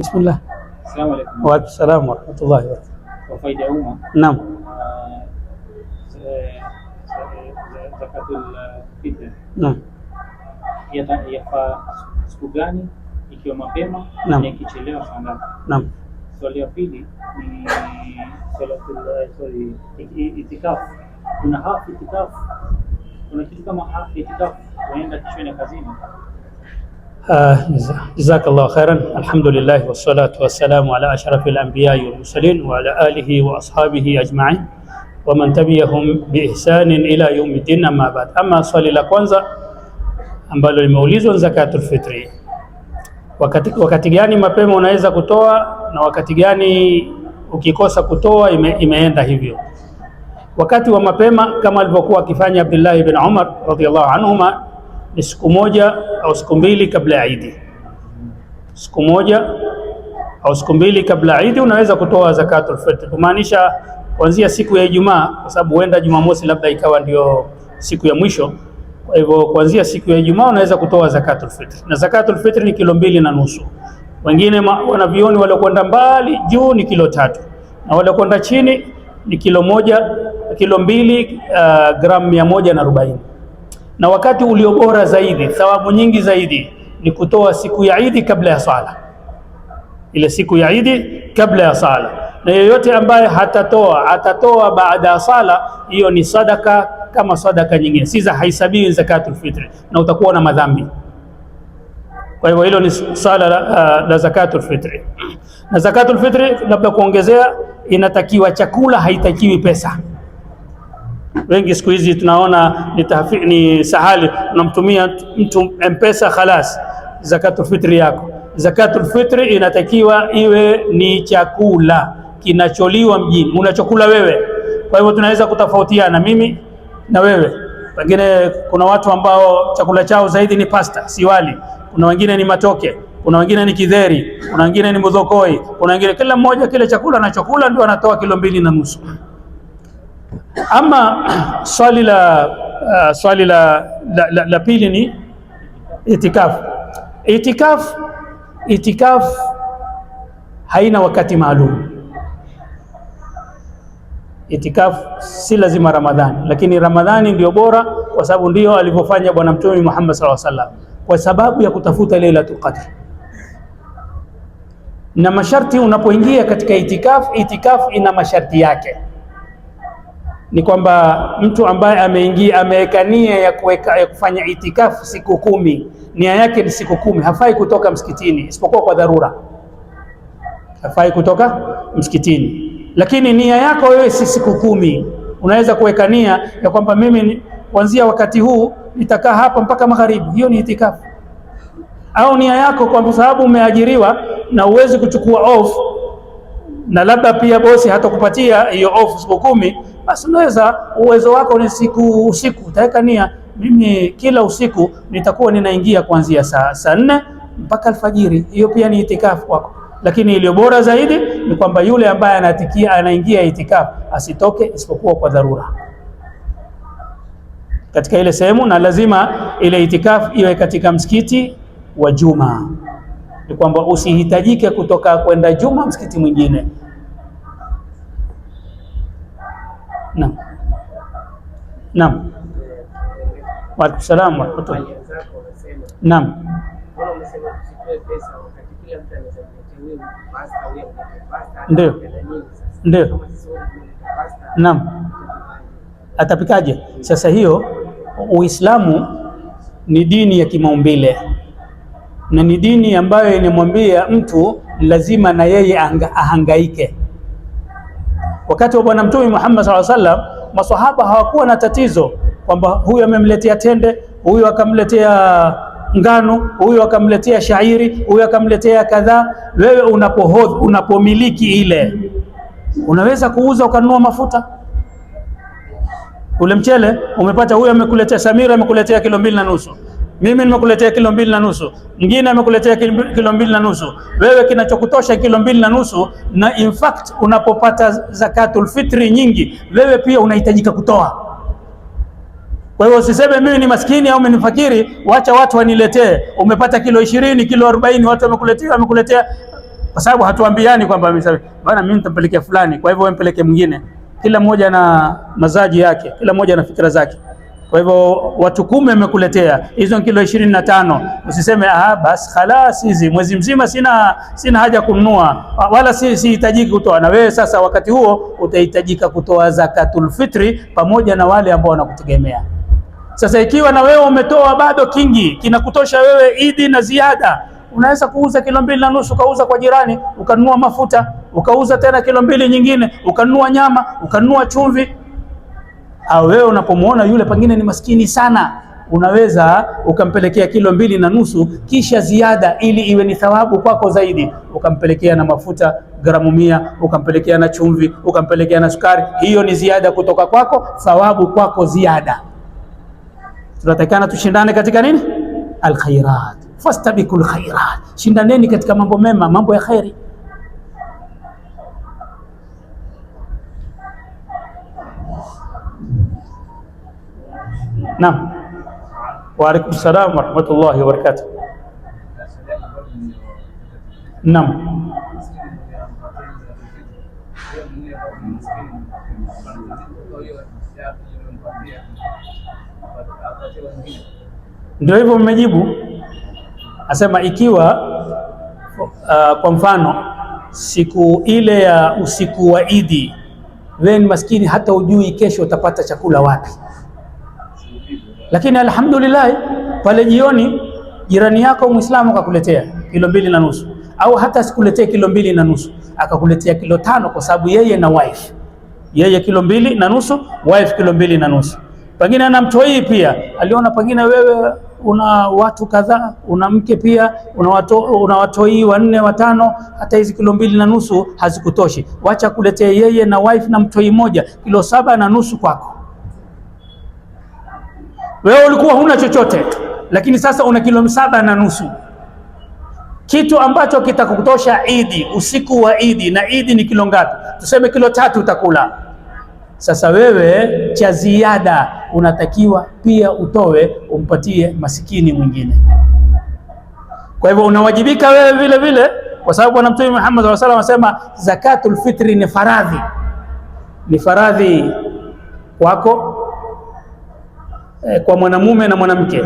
Bismillah. Assalamu alaykum. Wa salaam wa rahmatullahi wa barakatuh. Kwa faida ya umma. Naam. Uh, zakatul uh, fitr. Naam. Yafaa siku gani ikiwa mapema na ikichelewa saa ngapi? Naam. Swali la pili ni uh, sorry, itikafu. Kuna hafu itikafu. Kuna kitu kama hafu itikafu, unaenda kishona kazini Ah, jazakallahu khairan. Alhamdulillah wassalatu wassalamu ala ashrafil anbiyai wal mursalin wa ala alihi wa ashabihi ajma'in wa man tabi'ahum bi ihsanin ila yawmiddin amma ba'd. Ama swali la kwanza ambalo limeulizwa zakatul fitri, wakati, wakati gani mapema unaweza kutoa na wakati gani ukikosa kutoa ime, imeenda hivyo. Wakati wa mapema kama alivyokuwa akifanya Abdullah ibn Umar radhiyallahu anhuma ni siku moja au siku mbili kabla ya Idi. Siku moja au siku mbili kabla ya Idi unaweza kutoa zakatul fitr, kumaanisha kuanzia siku ya Ijumaa, kwa sababu huenda Jumamosi labda ikawa ndio siku ya mwisho. Kwa hivyo kuanzia siku ya Ijumaa unaweza kutoa zakatul fitr, na zakatul fitr ni kilo mbili na nusu. Wengine wanavioni waliokwenda mbali juu ni kilo tatu, na waliokwenda chini ni kilo moja, kilo mbili, uh, gramu mia moja na arobaini na wakati ulio bora zaidi, thawabu nyingi zaidi ni kutoa siku ya Idi kabla ya sala, ile siku ya Idi kabla ya sala. Na yeyote ambaye hatatoa atatoa baada ya sala, hiyo ni sadaka kama sadaka nyingine, si za haisabii zakatul fitri, na utakuwa na madhambi. Kwa hivyo hilo ni sala la, zakatu ah, zakatul fitri. Na zakatul fitri, labda kuongezea, inatakiwa chakula, haitakiwi pesa Wengi siku hizi tunaona ni tahfi, ni sahali, unamtumia mtu mpesa khalas. Zakatul fitri yako, zakatul fitri inatakiwa iwe ni chakula kinacholiwa mjini, unachokula wewe. Kwa hivyo tunaweza kutofautiana mimi na wewe. Wengine kuna watu ambao chakula chao zaidi ni pasta, si wali. Kuna wengine ni matoke, kuna wengine ni kidheri, kuna wengine ni mudhokoi, kuna wengine, kila mmoja kile chakula anachokula ndio anatoa kilo mbili na nusu. Ama swali la uh, swali la, la, la, la pili ni itikafu. itikaf itikaf haina wakati maalum. Itikafu si lazima Ramadhani, lakini Ramadhani ndio bora, kwa sababu ndio alivyofanya Bwana Mtume Muhammad sallallahu alaihi wasallam kwa sababu ya kutafuta Lailatul Qadr na masharti. Unapoingia katika itikaf itikafu ina masharti yake ni kwamba mtu ambaye ameingia ameweka nia ya kuweka ya kufanya itikafu siku kumi, nia yake ni siku kumi, hafai kutoka msikitini isipokuwa kwa dharura, hafai kutoka msikitini. Lakini nia yako wewe si siku kumi, unaweza kuweka nia ya kwamba mimi kuanzia wakati huu nitakaa hapa mpaka magharibi. Hiyo ni itikafu. Au nia yako kwa sababu umeajiriwa na uwezi kuchukua off na labda pia bosi hatakupatia hiyo off siku kumi, basi unaweza uwezo wako ni siku usiku, utaweka nia, mimi kila usiku nitakuwa ninaingia kuanzia saa saa nne mpaka alfajiri. Hiyo pia ni itikafu kwako lakini iliyo bora zaidi ni kwamba yule ambaye anatikia anaingia itikafu asitoke isipokuwa kwa dharura katika ile sehemu, na lazima ile itikafu iwe katika msikiti wa Juma, ni kwamba usihitajike kutoka kwenda Juma msikiti mwingine. Naam, naam, waalaikum salaam warahmatullahi. Naam, ndio, ndio, naam, atapikaje sasa? Hiyo Uislamu ni dini ya kimaumbile na ni dini ambayo inamwambia mtu lazima na yeye ahangaike Wakati wa Bwana Mtume Muhammad saw sallam maswahaba hawakuwa na tatizo kwamba huyu amemletea tende, huyu akamletea ngano, huyu akamletea shairi, huyu akamletea kadhaa. Wewe unapohodhi, unapomiliki ile, unaweza kuuza ukanunua mafuta. Ule mchele umepata, huyu amekuletea Samira, amekuletea kilo mbili na nusu mimi nimekuletea kilo mbili na nusu, mwingine amekuletea kilo mbili na nusu, wewe kinachokutosha kilo mbili na nusu. Na in fact unapopata zakatul fitri nyingi, wewe pia unahitajika kutoa. Kwa hiyo usiseme mimi ni maskini au mimi ni fakiri, wacha watu waniletee. Umepata kilo ishirini, kilo arobaini, watu wamekuletea, wamekuletea, kwa sababu hatuambiani kwamba bwana, mimi nitampelekea fulani, kwa hivyo wewe mpeleke mwingine. Kila mmoja na mazaji yake, kila mmoja na fikra zake. Kwa hivyo watu kumi wamekuletea hizo kilo ishirini na tano, usiseme ah, bas khalas, hizi mwezi mzima sina sina haja kununua wala sihitajiki si kutoa. Na wewe sasa, wakati huo utahitajika kutoa zakatul fitri pamoja na wale ambao wanakutegemea. Sasa ikiwa na wewe umetoa bado kingi kinakutosha wewe idi na ziada, unaweza kuuza kilo mbili na nusu ukauza kwa jirani, ukanunua mafuta, ukauza tena kilo mbili nyingine, ukanunua nyama, ukanunua chumvi au ah, wewe unapomwona yule pengine ni maskini sana, unaweza ukampelekea kilo mbili na nusu kisha ziada, ili iwe ni thawabu kwako zaidi. Ukampelekea na mafuta gramu mia, ukampelekea na chumvi, ukampelekea na sukari. Hiyo ni ziada kutoka kwako, thawabu kwako ziada. Tunatakana tushindane katika nini? Alkhairat, fastabiqul khairat, shindaneni katika mambo mema, mambo ya khairi. Naam. Wa alaikum salaam wa rahmatullahi wa barakatuh. Naam. Ndio hivyo mmejibu, asema ikiwa uh, kwa mfano siku ile ya usiku wa Idi, then maskini, hata ujui kesho utapata chakula wapi lakini alhamdulillah pale jioni jirani yako Muislamu akakuletea kilo mbili na nusu au hata sikuletee kilo mbili na nusu akakuletea kilo tano kwa sababu yeye na wife yeye kilo mbili na nusu wife kilo mbili na nusu pengine ana mtoii pia aliona, pengine wewe una watu kadhaa, una mke pia una watu, una watoi wanne watano, hata hizi kilo mbili na nusu hazikutoshi, wacha kuletea yeye na wife na mtoii moja, kilo saba na nusu kwako. Wewe ulikuwa huna chochote, lakini sasa una kilo saba na nusu, kitu ambacho kitakutosha Idi, usiku wa Idi. Na Idi ni kilo ngapi? Tuseme kilo tatu utakula. Sasa wewe cha ziada unatakiwa pia utoe, umpatie masikini mwingine. Kwa hivyo unawajibika wewe vile vile, kwa sababu Bwana Mtume Muhammad sallallahu alaihi anasema zakatul fitri ni faradhi, ni faradhi wako eh, kwa mwanamume na mwanamke,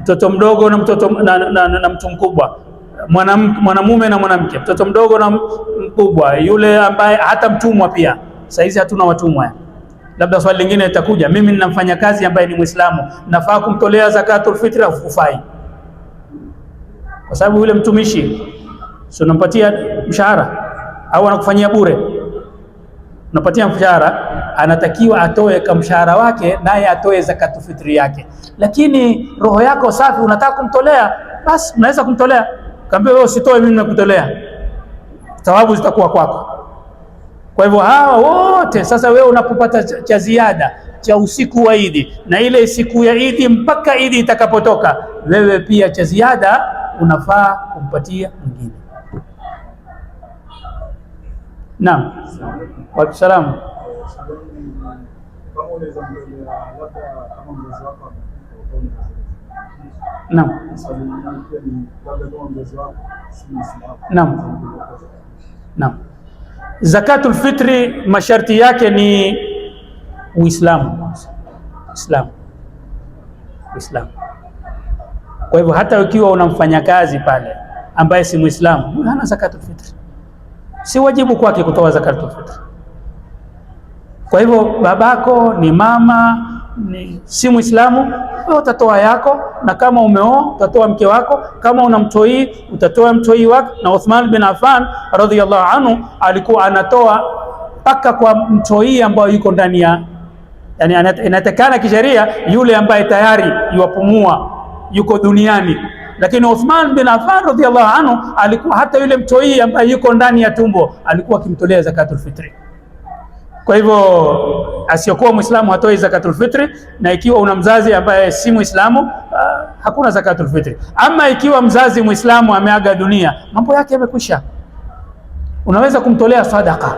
mtoto mdogo na mtoto na, na, na, na mtu mkubwa, mwanamume na mwanamke, mtoto mdogo na mkubwa, yule ambaye hata mtumwa pia. Saa hizi hatuna watumwa. Labda swali lingine litakuja, mimi nina mfanyakazi ambaye ni Muislamu, nafaa kumtolea zakatul fitri au kufai? Kwa sababu yule mtumishi si unampatia mshahara au anakufanyia bure? Unapatia mshahara anatakiwa atoe kamshahara wake, naye atoe zakatu fitri yake. Lakini roho yako safi, unataka kumtolea, basi unaweza kumtolea. Kaambia wewe usitoe, mimi nakutolea, thawabu zitakuwa kwako. Kwa hivyo hawa wote sasa, wewe unapopata cha ziada cha usiku wa Idi na ile siku ya Idi mpaka Idi itakapotoka, wewe pia cha ziada unafaa kumpatia mwingine. Naam, wa salamu Naam. Naam. Zakatul fitri masharti yake ni Uislamu. Uislamu. Uislamu. Kwa hivyo hata ukiwa una mfanyakazi pale ambaye si Muislamu, hana zakatul fitri. Si wajibu kwake kutoa zakatul fitri. Kwa hivyo babako ni mama ni, si Muislamu, utatoa yako, na kama umeoa utatoa mke wako, kama una mtoi utatoa mtoi wako. Na Uthman bin Affan radhiyallahu anhu alikuwa anatoa mpaka kwa mtoi ambayo yuko ndani ya yani, inatakana kisheria yule ambaye tayari yuwapumua yuko duniani, lakini Uthman bin Affan radhiyallahu anhu alikuwa hata yule mtoi ambaye yuko ndani ya tumbo alikuwa akimtolea zakatul fitri. Kwa hivyo asiyokuwa Muislamu hatoi zakatul fitri, na ikiwa una mzazi ambaye si Muislamu uh, hakuna zakatul fitri. Ama ikiwa mzazi Muislamu ameaga dunia, mambo yake yamekwisha, unaweza kumtolea sadaka,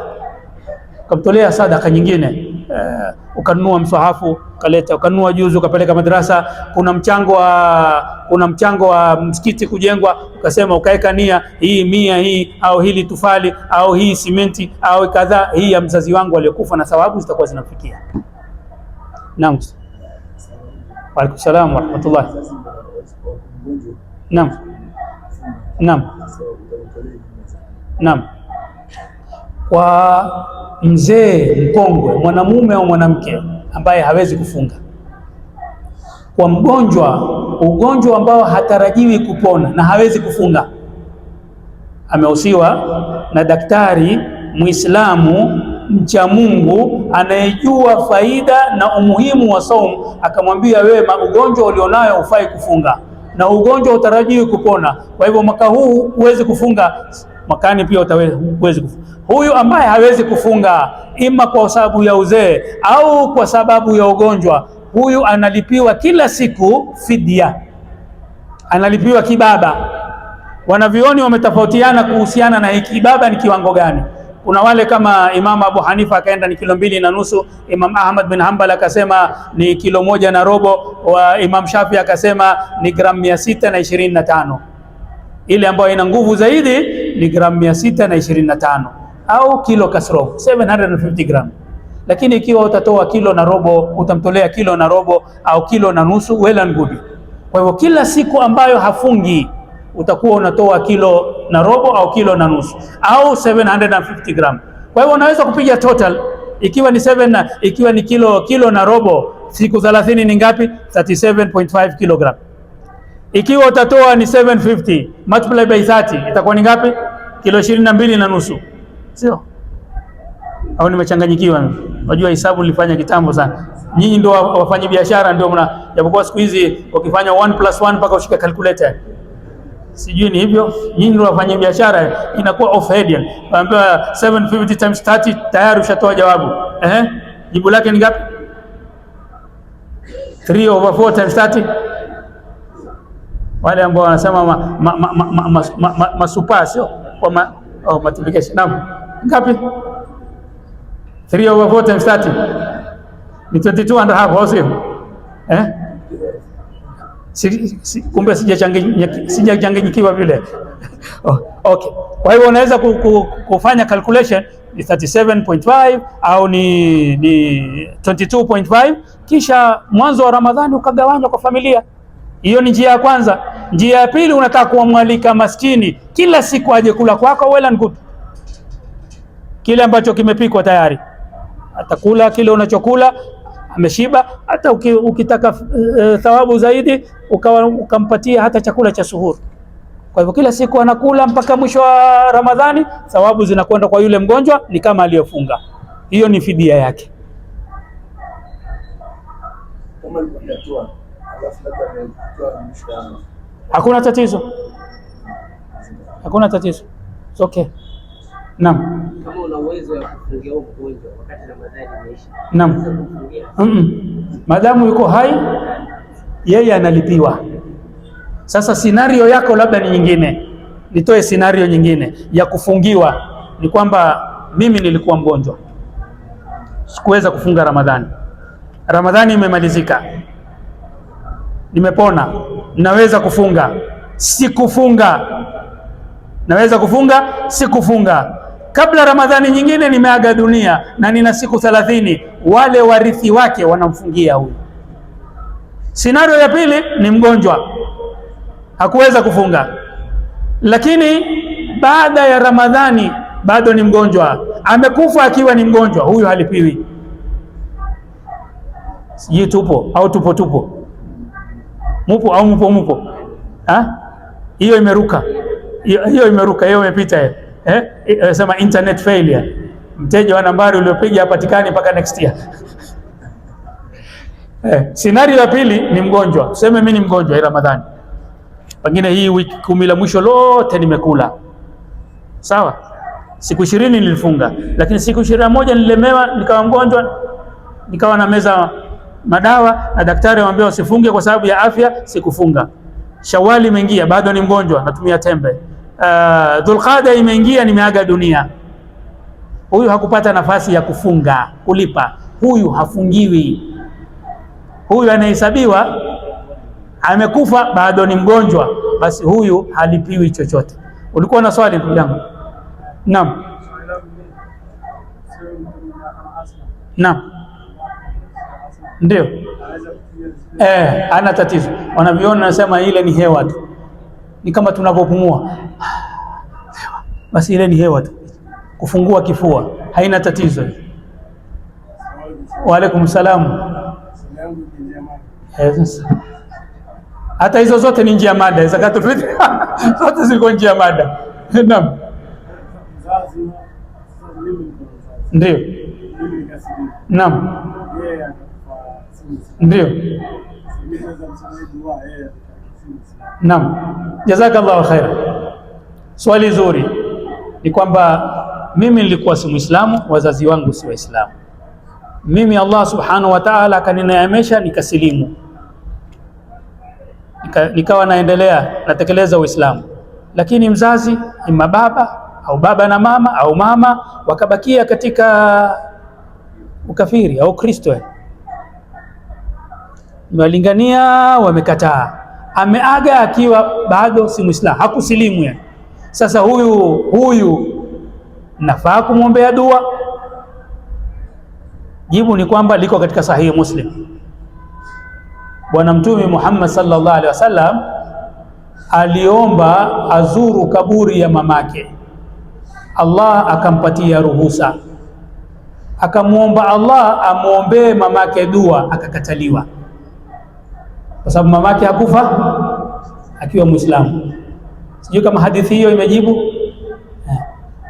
ukamtolea sadaka nyingine eh, ukanunua msahafu ukaleta, ukanunua juzu ukapeleka madrasa. Kuna mchango wa kuna mchango wa msikiti kujengwa, ukasema ukaweka nia hii mia hii au hili tufali au hii simenti au kadhaa hii ya mzazi wangu aliyokufa, na thawabu zitakuwa zinamfikia. Naam, waalaikum salaam warahmatullahi. Naam, naam, naam kwa mzee mkongwe, mwanamume au mwanamke ambaye hawezi kufunga, kwa mgonjwa, ugonjwa ambao hatarajiwi kupona na hawezi kufunga, amehusiwa na daktari Muislamu mcha Mungu anayejua faida na umuhimu wa saumu, akamwambia wewe, ugonjwa ulionayo hufai kufunga na ugonjwa utarajiwi kupona, kwa hivyo mwaka huu huwezi kufunga, mwakani pia utawezi. Huyu ambaye hawezi kufunga ima kwa sababu ya uzee au kwa sababu ya ugonjwa, huyu analipiwa kila siku fidia, analipiwa kibaba. Wanavioni wametofautiana kuhusiana na hiki kibaba ni kiwango gani. Kuna wale kama Imam Abu Hanifa akaenda ni kilo mbili na nusu. Imam Ahmad bin Hanbal akasema ni kilo moja na robo, wa Imam Shafi akasema ni gramu mia sita na ishirini na tano ile ambayo ina nguvu zaidi miligramu mia sita na ishirini na tano au kilo kasro 750 gram. Lakini ikiwa utatoa kilo na robo, utamtolea kilo na robo au kilo na nusu, well and good. Kwa hivyo kila siku ambayo hafungi utakuwa unatoa kilo na robo au kilo na nusu au 750 gram. Kwa hivyo unaweza kupiga total ikiwa ni 7 na ikiwa ni kilo kilo na robo, siku 30 ni ngapi? 37.5 kilogram. Ikiwa utatoa ni 750 multiply by 30 itakuwa ni ngapi? kilo ishirini na mbili na nusu, sio au nimechanganyikiwa? Unajua hisabu nilifanya kitambo sana. Nyinyi ndio wafanyi biashara, ndio mna japokuwa siku hizi ukifanya 1 plus 1 mpaka ushike calculator, sijui ni hivyo. Nyinyi ndio wafanyi biashara, inakuwa off head. Unaambiwa 750 times 30 tayari ushatoa jawabu. Ehe, jibu lake ni ngapi? 3 over 4 times 30 wale ambao wanasema masupa sio kwa ma, oh, multiplication. Naam. Ngapi? 3 over 4 times 30 ni 22 and a half, au sio? Eh? Si, si, kumbe sijachanganyikiwa vile. Oh, okay. Kwa hivyo unaweza ku, ku, kufanya calculation ni 37.5 au ni, ni 22.5 kisha mwanzo wa Ramadhani ukagawanywa kwa familia hiyo ni njia ya kwanza. Njia ya pili, unataka kumwalika maskini kila siku aje kula kwako and good, kile ambacho kimepikwa tayari atakula kile unachokula ameshiba. Hata ukitaka e, thawabu zaidi ukawa ukampatia hata chakula cha suhuru. Kwa hivyo kila siku anakula mpaka mwisho wa Ramadhani, thawabu zinakwenda kwa yule mgonjwa, ni kama aliyofunga. Hiyo ni fidia yake. Hakuna tatizo, hakuna tatizo, it's okay. Naam, kama una uwezo wa kufungia mgonjwa wakati Ramadhani imeisha. Naam, madamu yuko hai yeye analipiwa. Sasa sinario yako labda ni nyingine, nitoe sinario nyingine ya kufungiwa. Ni kwamba mimi nilikuwa mgonjwa, sikuweza kufunga Ramadhani. Ramadhani imemalizika nimepona, naweza kufunga, sikufunga, naweza kufunga, sikufunga kabla Ramadhani nyingine nimeaga dunia na nina siku thelathini, wale warithi wake wanamfungia huyu. Sinario ya pili ni mgonjwa, hakuweza kufunga, lakini baada ya Ramadhani bado ni mgonjwa, amekufa akiwa ni mgonjwa, huyu halipiwi. Sijui tupo au tupo tupo Mupo au mupo mupo? hiyo imeruka hiyo, imeruka hiyo, imepita hiyo. Eh, eh sema internet failure, mteja wa nambari uliopiga hapatikani mpaka next year. Eh, scenario ya pili ni mgonjwa. Tuseme mimi ni mgonjwa hii Ramadhani, pengine hii wiki kumi la mwisho lote nimekula sawa, siku ishirini nilifunga, lakini siku ishirini na moja nililemewa, nikawa mgonjwa, nikawa na meza madawa na daktari anamwambia usifunge kwa sababu ya afya, sikufunga. Shawali imeingia bado ni mgonjwa, natumia tembe. Uh, ah, Dhulqada imeingia, nimeaga dunia. Huyu hakupata nafasi ya kufunga kulipa, huyu hafungiwi. Huyu anahesabiwa amekufa, bado ni mgonjwa, basi huyu halipiwi chochote. Ulikuwa na swali ndugu yangu? Naam, naam ndio eh, ana tatizo. Wanaviona nasema ile ni hewa tu, ni kama tunapopumua. basi, ile ni hewa tu. Kufungua kifua haina tatizo. Waalaikum salaam. Eh, Hata hizo zote ni njia mada, zakatul zote zilikuwa njia mada. Naam, ndio, naam ndio, naam, jazakallahu khaira. Swali zuri ni kwamba mimi nilikuwa si Muislamu, wazazi wangu si Waislamu. Mimi Allah subhanahu wa ta'ala akanineemesha nikasilimu, nika, nikawa naendelea natekeleza Uislamu, lakini mzazi ima baba au baba na mama au mama wakabakia katika ukafiri au Kristo Wamewalingania, wamekataa. Ameaga akiwa bado si Muislamu, hakusilimu yani. Sasa huyu huyu nafaa kumwombea dua? Jibu ni kwamba liko katika sahihi Muslim. Bwana Mtume Muhammad sallallahu alaihi wasallam aliomba azuru kaburi ya mamake, Allah akampatia ruhusa, akamwomba Allah amwombee mamake dua, akakataliwa kwa sababu mamake hakufa akiwa Muislamu. Sijui kama hadithi hiyo imejibu. Eh,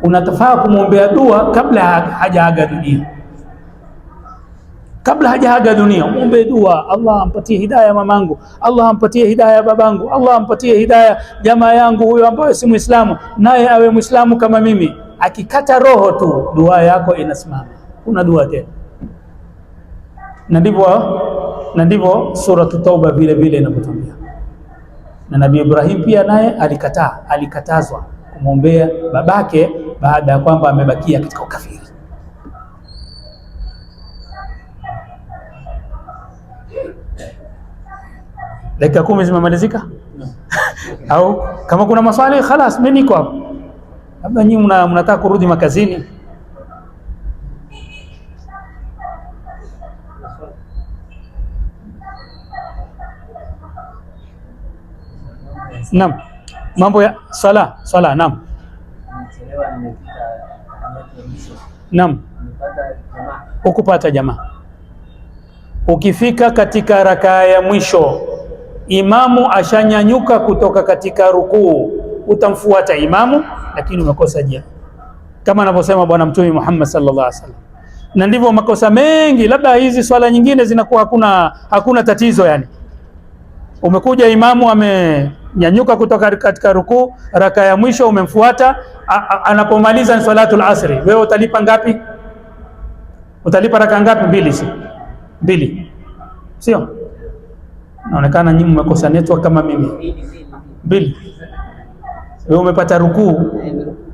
unatafaa kumwombea dua kabla hajaaga dunia, kabla hajaaga dunia muombe dua, Allah ampatie hidayah mamangu, Allah ampatie hidayah babangu, Allah ampatie hidayah jamaa yangu huyo ambaye si Muislamu, naye awe Muislamu kama mimi. Akikata roho tu dua yako inasimama, kuna dua tena na ndivyo na ndivyo Suratu Tauba vile vile inavyotambia. Na Nabii Ibrahim pia naye alikataa, alikatazwa kumwombea babake baada ya kwamba amebakia katika ukafiri. Dakika kumi zimemalizika au kama kuna maswali, khalas, mimi niko hapa. Labda nyinyi mnataka kurudi makazini. Naam, mambo ya sala swala. Naam, naam, ukupata jamaa ukifika katika rakaa ya mwisho, imamu ashanyanyuka kutoka katika rukuu, utamfuata imamu, lakini umekosa jamaa, kama anavyosema Bwana Mtume Muhammad sallallahu alaihi wasallam na ndivyo makosa mengi, labda hizi swala nyingine zinakuwa hakuna hakuna tatizo, yani umekuja imamu ame nyanyuka kutoka katika rukuu, raka ya mwisho umemfuata, anapomaliza al asri, wewe utalipa ngapi? Utalipa raka ngapi? Mbili, si mbili? Sio, naonekana nyinyi mmekosa network kama mimi. Mbili. Wewe umepata rukuu,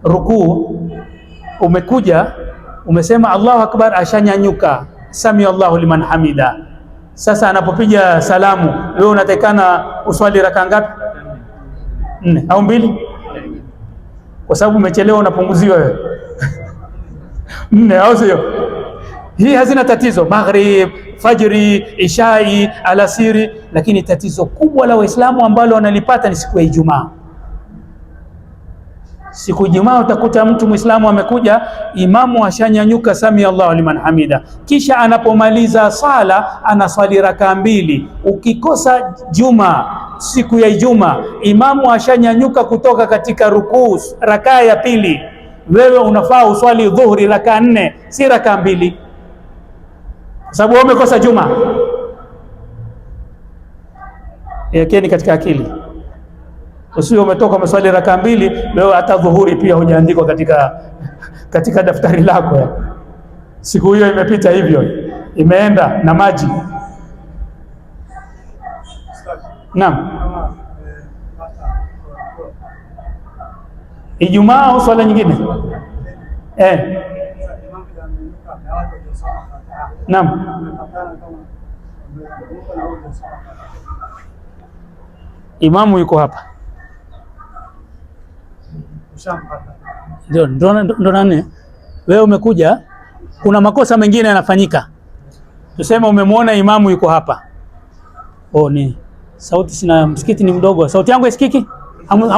rukuu umekuja, umesema Allahu akbar, ashanyanyuka, sami Allahu liman hamida. Sasa anapopiga salamu, wewe unatekana uswali raka ngapi? nne au mbili, kwa sababu umechelewa unapunguziwa wewe nne, au sio? Hii hazina tatizo, maghrib, fajri, ishai, alasiri. Lakini tatizo kubwa la Waislamu ambalo wanalipata ni siku ya Ijumaa. Siku Ijumaa utakuta mtu Muislamu amekuja, imamu ashanyanyuka samia Allahu liman hamida, kisha anapomaliza sala anaswali rakaa mbili. Ukikosa juma siku ya Ijumaa, imamu ashanyanyuka kutoka katika rukuu rakaa ya pili, wewe unafaa uswali dhuhuri rakaa nne, si rakaa mbili, kwa sababu umekosa juma. Yakeni katika akili usio umetoka umeswali raka mbili, leo hata dhuhuri pia hujaandikwa katika, katika daftari lako ya. Siku hiyo imepita hivyo imeenda na maji. Naam, Ijumaa au swala nyingine eh. Naam, imamu yuko hapa ndio, ndo nane wewe umekuja. Kuna makosa mengine yanafanyika, tuseme umemwona imamu yuko hapa. Oh, ni sauti sina, msikiti ni mdogo, sauti yangu isikiki. Hamu,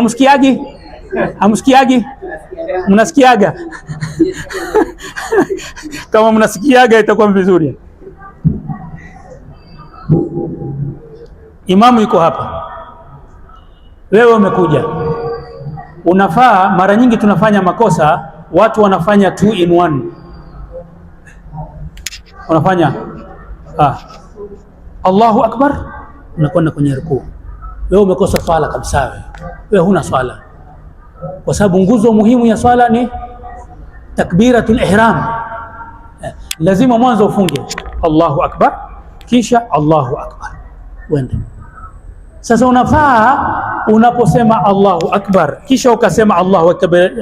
hamsikiagi mnasikiaga? kama mnasikiaga itakuwa vizuri. Imamu yuko hapa, wewe umekuja unafaa. Mara nyingi tunafanya makosa, watu wanafanya two in one, wanafanya ah, Allahu akbar, unakwenda kwenye rukuu. Wewe umekosa swala kabisa, wewe huna swala, kwa sababu nguzo muhimu ya swala ni takbiratul ihram. Eh, lazima mwanzo ufunge Allahu akbar, kisha Allahu akbar, uende sasa unafaa unaposema Allahu akbar, kisha ukasema Allahu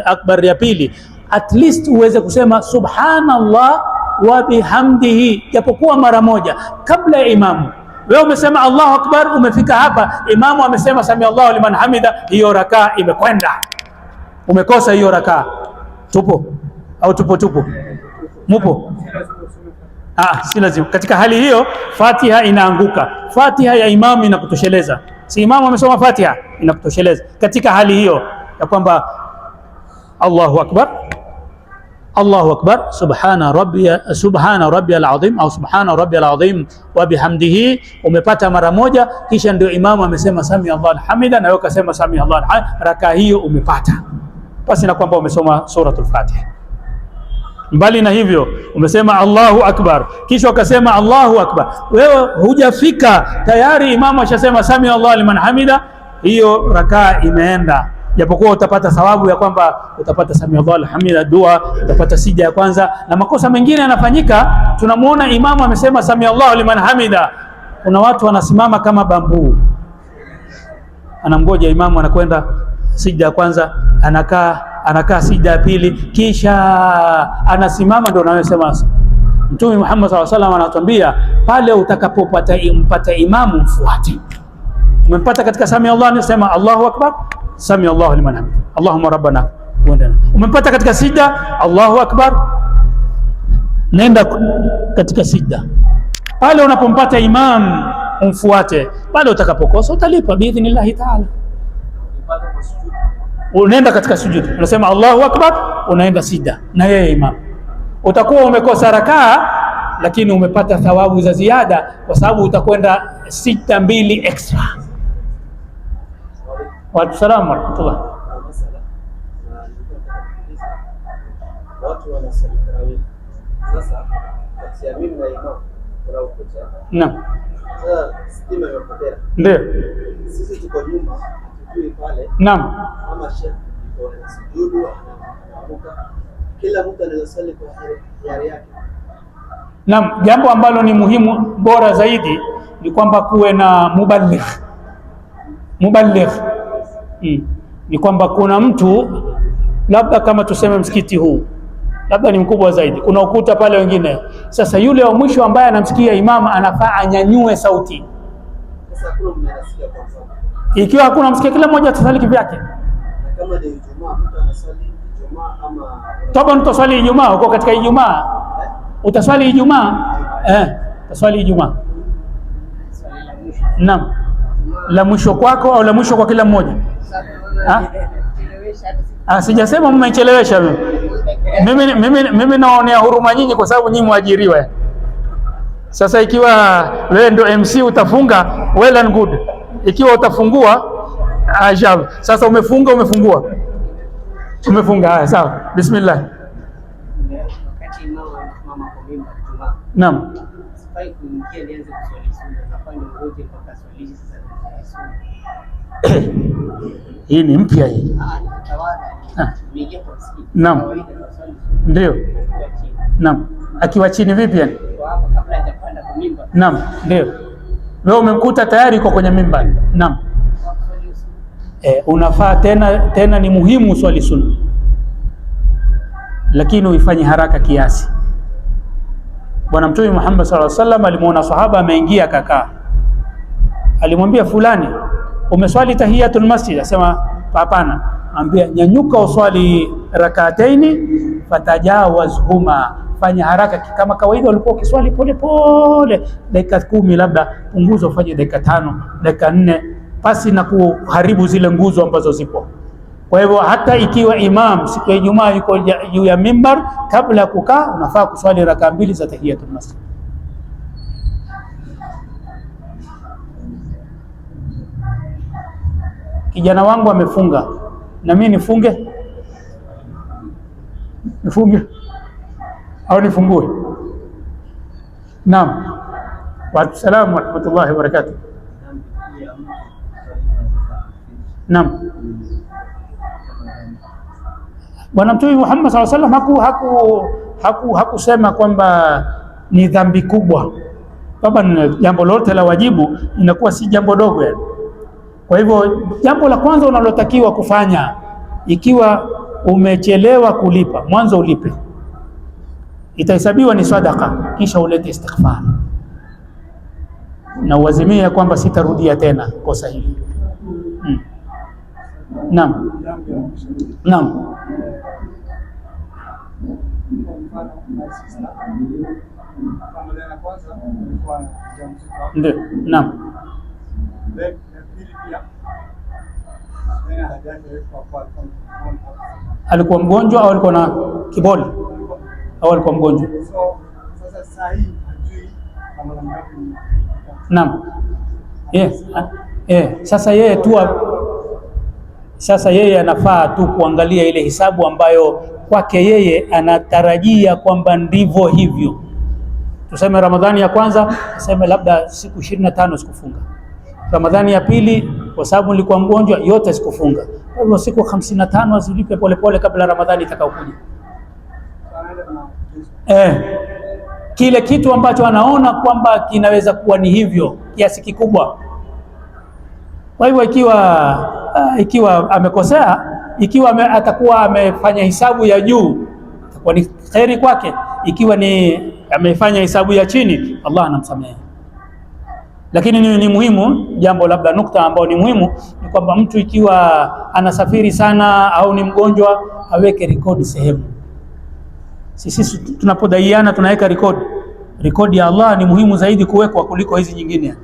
akbar ya pili, at least uweze kusema subhanallah wa bihamdihi, japokuwa mara moja kabla ya imamu. Wewe umesema Allahu akbar, umefika hapa, imamu amesema sami Allahu liman hamida, hiyo rakaa imekwenda, umekosa hiyo rakaa. Tupo au tupo? Tupo, mupo Ah, si lazima. Katika hali hiyo Fatiha inaanguka. Fatiha ya imamu inakutosheleza. Si imamu amesoma Fatiha inakutosheleza. Katika hali hiyo ya kwamba Allahu Akbar Allahu Akbar subhana rabbiya subhana rabbiyal azim au subhana rabbiyal azim wa bihamdihi, umepata mara moja, kisha ndio imamu amesema sami Allahu alhamida, na wewe ukasema sami Allahu alhamid, hiyo umepata, basi na kwamba umesoma suratul Fatiha. Mbali na hivyo umesema Allahu akbar, kisha ukasema Allahu akbar, wewe hujafika tayari, imamu ashasema sami Allahu liman hamida, hiyo rakaa imeenda japokuwa utapata thawabu ya kwamba utapata sami Allahu alhamida dua, utapata sija ya kwanza. Na makosa mengine yanafanyika, tunamuona imamu amesema sami Allahu liman hamida, kuna watu wanasimama kama bambuu, anamgoja imamu, anakwenda sija ya kwanza, anakaa anakaa sijda ya pili, kisha anasimama. Ndio unayosema Mtume Muhammad SAW anatuambia pale utakapopata mpata imamu mfuate. Umempata katika sami Allah, anasema Allahu akbar, sami Allahu liman hamid, Allahumma rabbana. Umempata katika sijda, Allahu akbar, nenda katika sijda. Pale unapompata imam umfuate, pale utakapokosa utalipa biidhnillahi taala unaenda katika sujud, unasema Allahu akbar, unaenda sida na yeye imam. Utakuwa umekosa rakaa, lakini umepata thawabu za ziada, kwa sababu utakwenda sita mbili extra. Wa salamu warahmatullah. Naam, ah, ndio Naam. Naam, jambo ambalo ni muhimu bora zaidi ni kwamba kuwe na muballigh. Muballigh. Mm. Ni kwamba kuna mtu labda kama tuseme msikiti huu labda ni mkubwa zaidi, kuna ukuta pale wengine. Sasa yule wa mwisho ambaye anamsikia imam anafaa anyanyue sauti. Sasa ikiwa hakuna msikia, kila mmoja atasali kivyake. Toba swali Ijumaa uko katika Ijumaa, eh? utaswali Ijumaa eh, utaswali eh, Ijumaa. Naam, la mwisho kwako au la mwisho kwa kila mmoja. Ah, sijasema mmechelewesha mimi. Mimi mimi mimi naonea huruma nyinyi kwa sababu nyinyi mwajiriwa. Sasa ikiwa wewe ndo MC utafunga, well and good ikiwa utafungua ajabu. Ah, Sasa umefunga, umefungua, umefunga. Haya, sawa, bismillah. Naam. Hii ni mpya hii. Ah, ah. Naam. Ndio. Naam. Akiwa chini vipi yani? Naam, ndio wewe umemkuta tayari kwa kwenye mimbari. Naam. E, unafaa tena tena, ni muhimu swali sunna, lakini uifanye haraka kiasi. Bwana Mtume Muhammad sallallahu alaihi wasallam alimuona sahaba ameingia kakaa, alimwambia fulani, umeswali tahiyatul masjid? Asema hapana. Ambia nyanyuka uswali rakataini fatajawazhuma fanya haraka kama kawaida, walikuwa ukiswali pole pole, dakika kumi labda punguza, ufanye dakika tano, dakika nne, pasi na kuharibu zile nguzo ambazo zipo. Kwa hivyo hata ikiwa imam siku ya Ijumaa yuko juu ya mimbar, kabla ya kukaa unafaa kuswali raka mbili za tahiyatul masjid. Kijana wangu amefunga, na mimi nifunge nifunge au nifungue? Naam, waalaikumussalam warahmatullahi wabarakatuh. Naam, Bwana Mtume Muhammad sallallahu alaihi wasallam haku haku hakusema kwamba ni dhambi kubwa, kwamba jambo lote la wajibu inakuwa si jambo dogo. Kwa hivyo jambo la kwanza unalotakiwa kufanya ikiwa umechelewa kulipa, mwanzo ulipe itahesabiwa ni sadaka, kisha ulete istighfar na uwazimia kwamba sitarudia tena kosa hili. Hmm. Naam, naam, naam alikuwa mgonjwa au alikuwa na kiboli? au alikuwa mgonjwa? Naam. Yeah. Yeah. Sasa yeye tu sasa yeye anafaa tu kuangalia ile hisabu ambayo kwake yeye anatarajia kwamba ndivyo hivyo. Tuseme Ramadhani ya kwanza, tuseme labda siku ishirini na tano sikufunga. Ramadhani ya pili, kwa sababu nilikuwa mgonjwa, yote sikufunga. Kwa siku hamsini na tano azilipe polepole kabla Ramadhani itakayokuja eh, kile kitu ambacho anaona kwamba kinaweza kuwa ni hivyo kiasi kikubwa. Kwa hivyo ikiwa uh, ikiwa amekosea, ikiwa ame, atakuwa amefanya hisabu ya juu atakuwa ni kheri kwake, ikiwa ni amefanya hisabu ya chini, Allah anamsamehe. Lakini ni, ni muhimu jambo, labda nukta ambayo ni muhimu ni kwamba mtu ikiwa anasafiri sana au ni mgonjwa aweke rekodi sehemu sisi tunapodaiana tunaweka rekodi. Rekodi ya Allah ni muhimu zaidi kuwekwa kuliko hizi nyingine,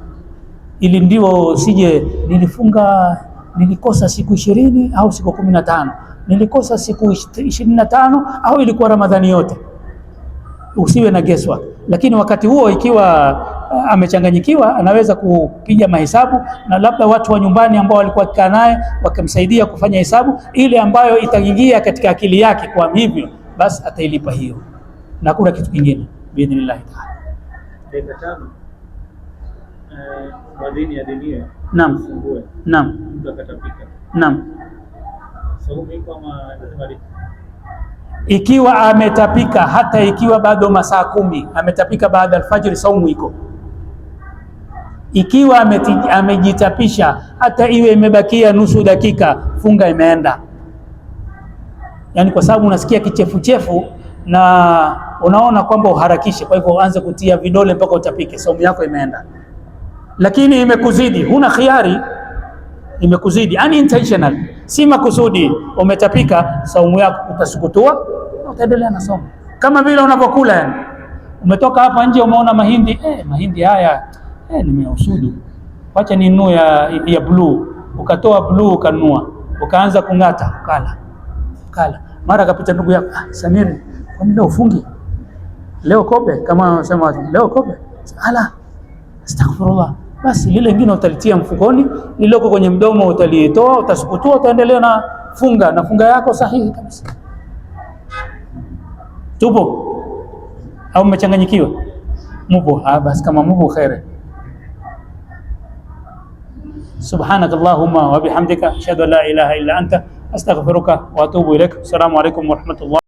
ili ndio sije nilifunga, nilikosa siku ishirini au siku kumi na tano nilikosa siku ishirini na tano au ilikuwa Ramadhani yote. Usiwe na geswa lakini wakati huo ikiwa uh, amechanganyikiwa anaweza kupiga mahesabu, na labda watu wa nyumbani ambao walikuwa kikaa naye wakamsaidia kufanya hesabu ile ambayo itaingia katika akili yake. Kwa hivyo basi atailipa hiyo na kuna kitu kingine biidhnillahi taala. Eh, naam, naam, naam. Ikiwa ametapika hata ikiwa bado masaa kumi ametapika baada alfajiri, saumu iko. Ikiwa amejitapisha hata iwe imebakia nusu dakika, funga imeenda yani kwa sababu unasikia kichefuchefu na unaona kwamba uharakishe, kwa hivyo uanze kutia vidole mpaka utapike. Saumu yako imeenda, lakini imekuzidi, huna khiari, imekuzidi unintentional, si makusudi, umetapika. Saumu yako utasukutua, utaendelea na somo kama vile unavyokula yani. Umetoka hapa nje umeona mahindi eh, mahindi haya eh, nimeusudu, wacha ninunue ya, ya blue. Ukatoa blue ukanunua, ukaanza kung'ata, ukala kala. Mara akapita ndugu yako, ah, Samir, kwa nini ufungi? Leo kope kama wanasema watu, leo kope. Ala. Astaghfirullah. Basi lile lingine utalitia mfukoni, liloko kwenye mdomo utalitoa, utasukutua, utaendelea na funga na funga yako sahihi kabisa. Tupo au mmechanganyikiwa? Mupo? Ah, basi kama mupo khairi. Subhanakallahumma wa bihamdika ashhadu an la ilaha illa anta استغفرك واتوب اليك السلام عليكم ورحمه الله